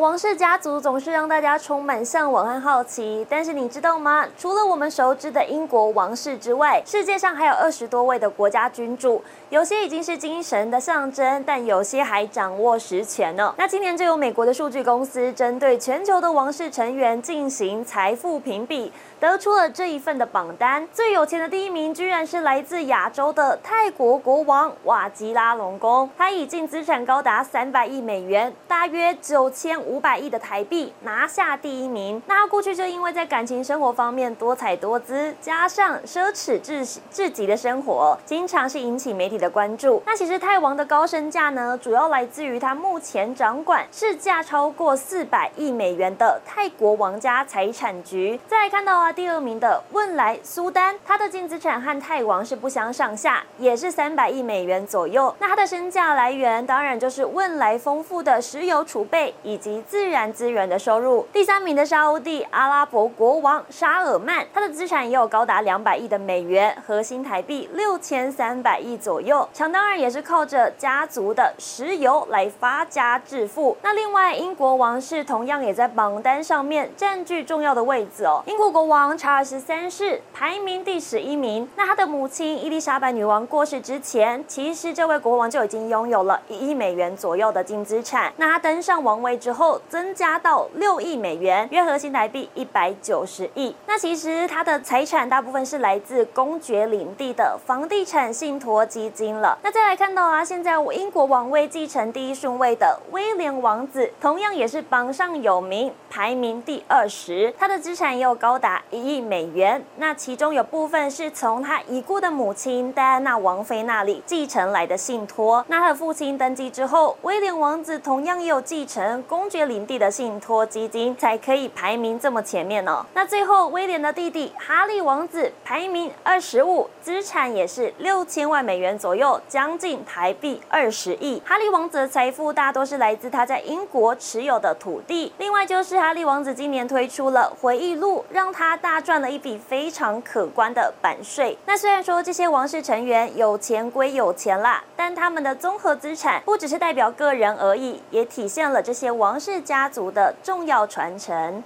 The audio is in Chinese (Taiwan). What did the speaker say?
王室家族總是讓大家充滿嚮往和好奇，但是你知道嗎？除了我們熟知的英國王室之外，世界上還有二十多位的國家君主，有些已經是精神的象徵，但有些還掌握實權呢、哦。那今年就有美國的數據公司針對全球的王室成員進行財富評比，得出了這一份的榜單，最有錢的第一名居然是來自亞洲的泰國國王瓦吉拉隆功，他已淨資產高達三百億美元，大約九千五百億的台幣，拿下第一名。那他過去就因為在感情生活方面多彩多姿，加上奢侈至至極的生活，經常是引起媒體的關注。那其實泰王的高身價呢，主要來自於他目前掌管市價超過四百億美元的泰國王家財產局。再來看到啊，第二名的汶萊蘇丹，他的淨資產和泰王是不相上下，也是三百億美元左右。那他的身價來源當然就是汶萊豐富的石油儲備以及自然資源的收入。第三名的沙烏地阿拉伯國王沙爾曼，他的資產也有高達兩百億的美元，合新台幣六千三百億左右。強當然也是靠着家族的石油來發家致富。那另外，英國王室同樣也在榜單上面佔據重要的位置哦。英國國王查爾斯三世排名第十一名，那他的母親伊麗莎白女王過世之前，其實這位國王就已經擁有了一億美元左右的淨資產。那他登上王位之後，增加到六億美元，約合新台幣一百九十億。那其實他的財產大部分是來自公爵領地的房地產信托基金了。那再來看到啊，現在我英國王位繼承第一順位的威廉王子，同樣也是榜上有名，排名第二十。他的資產也有高達一億美元，那其中有部分是從他已故的母親戴安娜王妃那裡繼承來的信托。那他的父親登基之後，威廉王子同樣也有繼承公爵。林地的信託基金才可以排名這麼前面呢、哦。那最後，威廉的弟弟哈利王子排名二十五，資產也是六千萬美元左右，將近台幣二十億。哈利王子的財富大多是來自他在英國持有的土地，另外就是哈利王子今年推出了回憶錄，讓他大賺了一筆非常可觀的版稅。那雖然說這些王室成員有錢歸有錢啦，但他們的綜合資產不只是代表個人而已，也體現了這些王。氏家族的重要傳承。